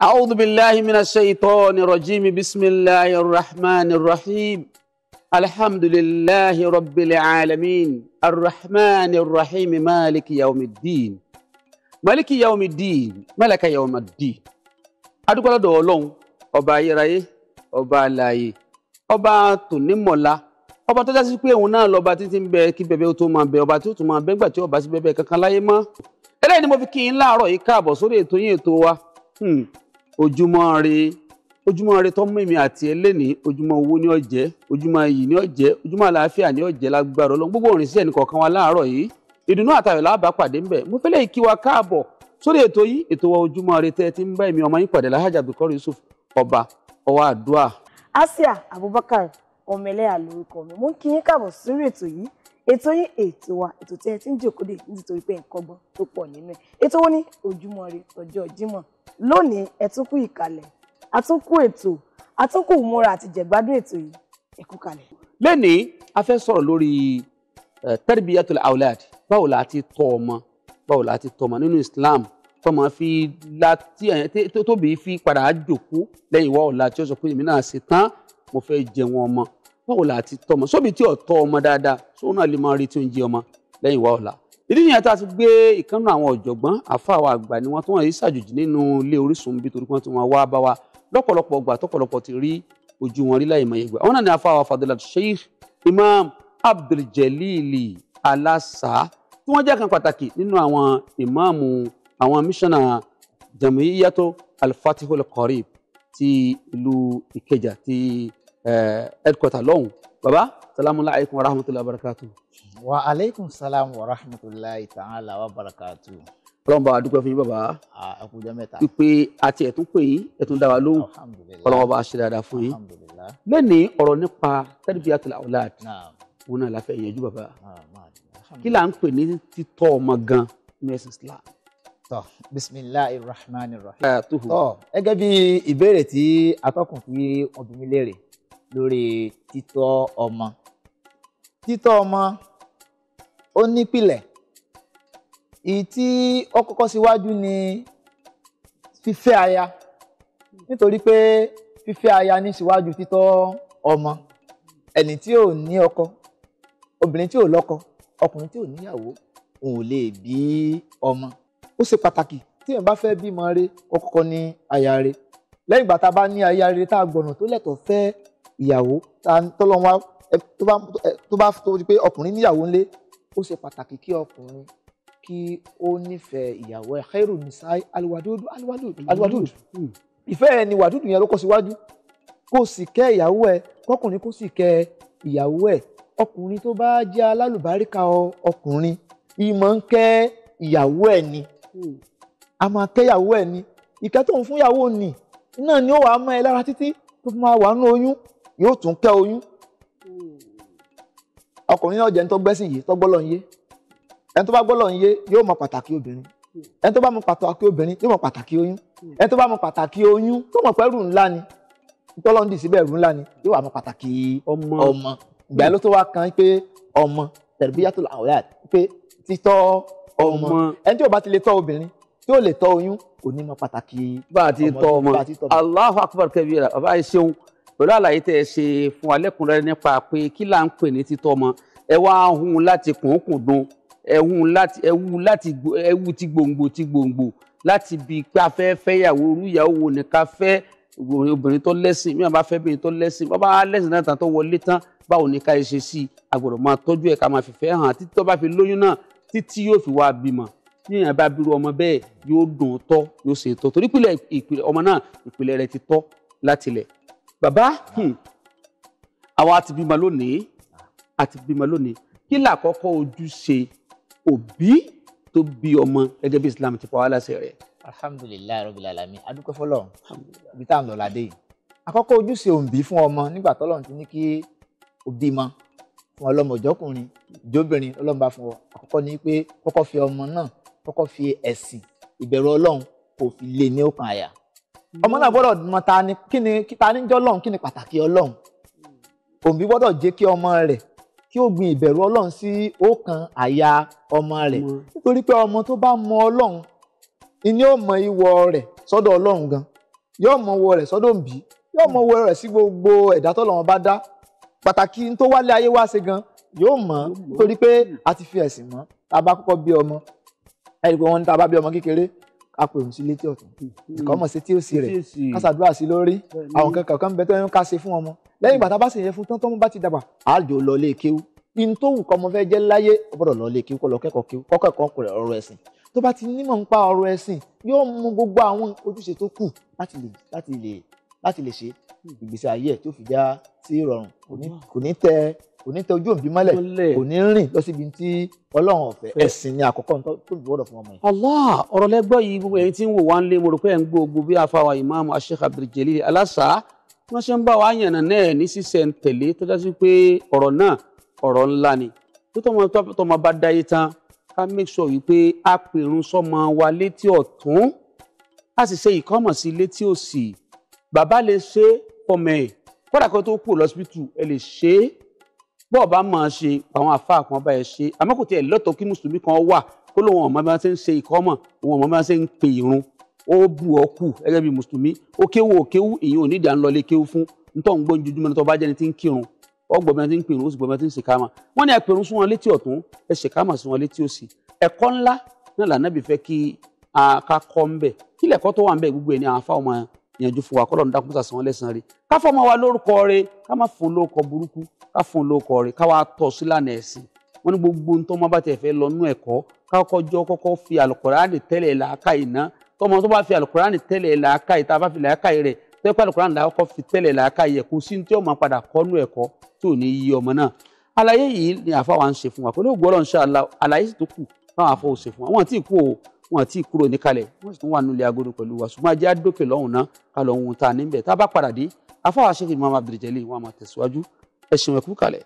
أعوذ بالله من الشيطان الرجيم بسم الله الرحمن الرحيم الحمد لله رب العالمين الرحمن الرحيم مالك يوم الدين مالك يوم الدين مالك يوم الدين adúgbò lọ́dọ̀ Ọlọ́run ọba ayérayé ọba alààyè ọba tònímọ̀lá ọba tó jásí pé òun náà lọ́ba títí ń bẹ kí bẹ̀bẹ̀ ó tó máa bẹ ọba tí ó tó máa bẹ ńgbà tí ọba sí bẹ̀bẹ̀ kankan láyé mọ́ eléyìí ni mo fi kí n láàárọ̀ yìí káàbọ̀ sórí ètò yín ètò wa hmm. ojúmọ́ re ojúmọ́ re àti ẹ lé ojúmọ́ owó ní ọ̀jẹ́ ojúmọ́ iyì ní ọ̀jẹ́ ojúmọ́ àlàáfíà ní ọ̀jẹ́ lágbára ọlọ́run gbogbo òrìn sí ẹnì kọ̀ọ̀kan wa láàárọ̀ yìí ìdùnnú pàdé mo fẹ́lẹ́ kí wa káàbọ̀ sórí ètò yìí ètò wa ojúmọ́ tẹ́ ti ń ọba ọwọ́ àdúà. Asia Abubakar mi mo ń kí yín káàbọ̀ sórí ètò yìí ètò yín ètò wa ètò tí ẹ ti ń jòkó nítorí lónìí ẹ tún kú ìkàlẹ̀ a tún kú ètò a tún kú ìmúra àti jẹ̀gbádùn ètò yìí ẹ kú kalẹ̀. lẹ́nìí a fẹ́ sọ̀rọ̀ lórí tarbiyatul awlad báwo la ti tọ́ ọmọ báwo la ti tọ́ ọmọ nínú Islam tọmọ fi láti tóbi fi padà jòkó lẹ́yìn wá ọ̀la tí ó sọ pé èmi náà ṣe tán mo fẹ́ jẹun ọmọ báwo la ti tọ́ ọmọ sóbi tí ò tọ́ ọmọ dáadáa sóun náà lè máa retí oúnjẹ ọmọ lẹ́yìn wá ọ̀la ìdí nìyẹn tá a ti gbé ìkànnù àwọn ọ̀jọ̀gbọ́n àfáàwọ̀ àgbà ni wọ́n tó wọ́n yìí ṣàjòjì nínú ilé Orísun bí torí wọ́n ti wọ́n wá bá wa lọ́pọ̀lọpọ̀ ọgbà tọ́pọ̀lọpọ̀ ti rí ojú wọn rí láì mọ̀ ìgbà àwọn náà ni àfáàwọ̀ Fadilat Sheikh Imam Abduljelili Alasa tí wọ́n jẹ́ kan pàtàkì nínú àwọn ìmáàmù àwọn míṣọ́nà Jamiyato al karib ti ìlú Ìkẹjà ti headquarter lọ́hùn baba salamu alaykum wa rahmatulahi wa barakatu. wa aleykum salam wa rahmatulahi ta'ala wa barakatu. ọlọ́run bá wa dúpẹ́ fún yín bàbá. a kú jẹ́ mẹ́ta. pípé àti ẹ̀tún pè yín ẹ̀tún dá wa lóhùn ọlọ́run bá a ṣe dáadáa fún yín. lónìí ọ̀rọ̀ nípa tarbiyatul aulad òun náà la fẹ́ yanjú kí là ń pè ní títọ́ ọmọ gan ní ẹ̀sìn Islam tọ bisimilahi rahman rahim. tọ gẹ́gẹ́ bí ìbéèrè tí atọ́kùn fi ọdún mi léèrè lórí títọ́ ọmọ títọ́ ọmọ ó nípìlẹ̀ èyí tí ó kọ́kọ́ síwájú ni fífẹ́ aya nítorí pé fífẹ́ aya ní síwájú títọ́ ọmọ ẹni tí ò ní ọkọ obìnrin tí ò lọ́kọ ọkùnrin tí ò níyàwó òun ò lè bí ọmọ ó ṣe pàtàkì tí èèyàn bá fẹ́ bímọ rẹ̀ ó kọ́kọ́ ní aya rẹ̀ lẹ́yìn ìgbà tá a bá ní aya rẹ̀ tá a gbọ̀nà tó lẹ́tọ̀ọ́ fẹ́ ìyàwó tọ́lọ́run wá tó bá tó di pé ọkùnrin níyàwó ńlé ó ṣe pàtàkì kí ọkùnrin kí ó nífẹ̀ẹ́ ìyàwó ẹ̀ khairu nisai aliwadudu aliwadudu aliwadudu hmm. ìfẹ́ ẹ ni wàdúdù yẹn ló kọ́ síwájú kó sì kẹ́ ìyàwó ẹ kọkùnrin kó sì kẹ́ ìyàwó ẹ ọkùnrin tó bá jẹ́ alálùbáríkà ọkùnrin ìmọ̀ ń kẹ́ ìyàwó ẹ ni hmm. a máa kẹ́ ìyàwó ẹ ni ìkẹ́ tóun fún ìyàwó ni náà ni ó wàá mọ́ ẹ lára títí tó máa wà nú oyún yóò tún kẹ́ oyún ọkùnrin náà jẹ́ ẹni tó gbẹ́sìn yìí tó gbọ́lọ̀ ń yé ẹni tó bá gbọ́lọ̀ ń yé yóò mọ pàtàkì obìnrin ẹni tó bá mọ pàtàkì obìnrin yóò mọ pàtàkì oyún ẹni tó bá mọ pàtàkì oyún tó mọ̀ pé ẹrù ńlá ni tọ́lọ́ ń dì síbẹ̀ ẹrù ńlá ni yóò wà mọ pàtàkì ọmọ ìgbà ló tó wá kan pé ọmọ tẹ̀lifíyàtò àwòrán pé títọ́ ọmọ ẹni tí ò bá ti lè tọ́ obìnrin tí ò lè tọ́ oyún kò ní mọ pàtàkì ọmọ bá a ti tọ́ ọmọ Allahu akbar kabira bàbá yìí ṣeun pẹ̀lú àlàyé tẹ́ ẹ ṣe fún alẹ́kùnrẹ́rẹ́ nípa pé kí là ń pè ní títọ́ ọmọ ẹ wá hun láti kùnkùn dun ẹ hun láti ẹ wu láti ẹ wu ti gbòǹgbò ti gbòǹgbò láti bi pé a fẹ́ fẹ́yàwó irú ìyàwó wo ni ká fẹ́ obìnrin tó lẹ́sìn mí àbá fẹ́ obìnrin tó lẹ́sìn bàbá lẹ́sìn náà tán tó wọlé tán báwo ni ká ẹ ṣe sí i a gbọ́dọ̀ máa tọ́jú ẹ̀ ká máa fìfẹ́ hàn títí tó bá fi lóyún náà títí yóò fi wá bímọ yíyan bá bírú ọmọ bẹ́ẹ̀ yóò dùn tọ́ yóò ṣe tọ́ torí ọmọ náà ìpìlẹ̀ rẹ̀ ti tọ́ látilẹ̀ bàbá hmm. àwa ti bímọ lónìí àti bímọ lónìí kí làkọ́kọ́ ojúṣe òbí tó bí ọmọ gẹ́gẹ́ bí Islam ti pa wá láṣẹ rẹ̀. alhamdulilayi rabil alamin adúpẹ́ fọlọ́run ibi tá à ń lọ ládé yìí àkọ́kọ́ ojúṣe òǹbí fún ọmọ nígbà tọ́lọ́run ti ní kí òbí mọ fún ọlọ́mọ ìjọkùnrin ìjọbìnrin ọlọ́mọba fún ọ àkọ́kọ́ ni pé kọ́kọ́ fi ọmọ náà kọ́kọ́ fi ẹ̀sìn ìbẹ̀rù ọlọ́run kò fi lé ní ọkàn àyà ọmọ náà gbọ́dọ̀ mọ̀ ta ni kí ni ta ni jẹ́ ọlọ́run kí ni pàtàkì ọlọ́run òbí gbọ́dọ̀ jẹ́ kí ọmọ rẹ̀ kí ó gbin ìbẹ̀rù ọlọ́run sí ọkàn àyà ọmọ rẹ̀ nítorí pé ọmọ tó bá mọ ọlọ́run ni yóò mọ ìwọ rẹ̀ sọ́dọ̀ ọlọ́run gan yóò mọ ìwọ rẹ̀ sọ́dọ̀ òbí yóò mọ ìwọ rẹ̀ sí gbogbo ẹ̀dá tọ́lọ́run bá dá pàtàkì tó wálé ayé wá ṣe gan yóò mọ torí pé a ti fi ẹ̀sìn mọ́ tá a bá kọ́kọ́ bí ọmọ ẹ̀rí a pè òun sí létí ọ̀tún ìkọ́ hmm. mọ̀ sí tí ó sì rẹ̀ kásàdúrà sí lórí àwọn kankan kan bẹ tó ń ká fún ọmọ lẹ́yìn ìgbà tá a bá sì yẹn fún tán tọ́mọ bá ti dàgbà àjò lọ lé kéwú in tó wù kọ́ ọmọ fẹ́ jẹ́ láyé ó gbọ́dọ̀ lọ lé kéwú kó lọ kẹ́kọ̀ọ́ kéwú kó kẹ́kọ̀ọ́ ọ̀rọ̀ ẹ̀sìn tó bá ti nímọ̀ nípa ọ̀rọ̀ ẹ̀sìn yóò mú gbogbo àwọn ojúṣe tó kù láti lè láti lè láti lè ṣe hmm. ìgbésí ayé ẹ̀ tó fi já sí ìrọ̀rùn kò ní tẹ kò ní tẹ ojú òbí mọ́lẹ̀ kò ní rìn lọ síbi tí ọlọ́run ọ̀fẹ́ ẹ̀sìn ni àkọ́kọ́ tó ń gbọ́dọ̀ fún ọmọ yìí. Allah ọ̀rọ̀ lẹ́gbọ́ yìí gbogbo ẹ̀yin tí ń wò wá ń lé mo rò pé ẹ̀ ń gbogbo bí afáwa ìmáàmù Sheikh Abdul Jalil Alasa wọ́n ṣe ń bá wa yànnà náà ní sísẹ̀ ń tẹ̀lé tó dájú pé ọ̀rọ̀ náà ọ̀rọ̀ ńlá ni tó tọmọ make sure wípé a pèrun sọmọ wa létí ọ̀tún a sì ṣe ìkọ́mọ̀ sí létí òsì bàbá lè ṣe fọmọ ẹ̀ kódà kan tó kù lọ́sibítù ẹ lè ṣe é bọ́ọ̀ bá máa ṣe àwọn àfáà kan báyẹn ṣe àmọ́ kò tiẹ̀ lọ́tọ̀ kí mùsùlùmí kan wà kó lóun ọ̀mọ́ bá ṣe ń ṣe ìkọ́mọ̀ òun ọ̀mọ́ bá ṣe ń pè irun ó bù ọ́ kù gẹ́gẹ́ bí mùsùlùmí ó kéwù ó kéwù ìyẹn ò ní ìdá ń lọlé kéwù fún ntọ́ ń gbójú júmọ́ tó bá jẹ́ni tí ń kírun ó gbọ́ bẹ́ẹ̀ tí ń pèrún ó sì gbọ́ bẹ́ẹ̀ tí ń ṣèkámà wọ́n ní ẹ̀pẹ̀rún sún wọn létí ọ̀tún ẹ ṣèkámà sí wọn létí òsì ẹ̀kọ́ ńlá náà lànà bí fẹ́ kí a ká kọ́ ńbẹ̀ kí lẹ̀kọ́ tó wà ńbẹ̀ gbogbo ẹ̀ ní àwọn afáwọn yanjú fún wa kọ́ lọ́nà dákúnṣà sanwó lẹ́sàn-án rẹ̀ ká fọmọ wa lórúkọ rẹ̀ ká má fún lórúkọ burúkú ká fún lórúkọ rẹ̀ ká wá tọ́ sílànà ẹ̀sìn wọn ní gbogbo ohun tó máa bá tẹ̀ fẹ́ lọ nú ẹ̀kọ́ ká kọjọ́ kọ́kọ́ fi àlùkòránì tẹ́lẹ̀ làákà iná tọmọ tó bá fi àlùkòránì tẹ́lẹ̀ làákà ìta bá fi làákà rẹ̀ tẹ́ pé àlùkòránì làákọ́ fi tẹ́lẹ̀ làákà yẹ kò sí tí ó máa padà kọ́ ni àfa wa ń ṣe fún wa pẹ̀lú ògbọ́rọ̀ ń ṣe àlàyé sì tó wọn àti kúrò níkàlẹ̀ wọ́n sì tún wà nílé agodo pẹ̀lú wa ṣùgbọ́n ajé àdókè lọ́hùn ná ká lọ ohun tá a níbẹ̀ tá a bá padà dé afáwàṣẹ́kì Imam Abdul Jalil wọn a máa tẹ̀síwájú ẹ ṣeun ẹ kú kalẹ̀.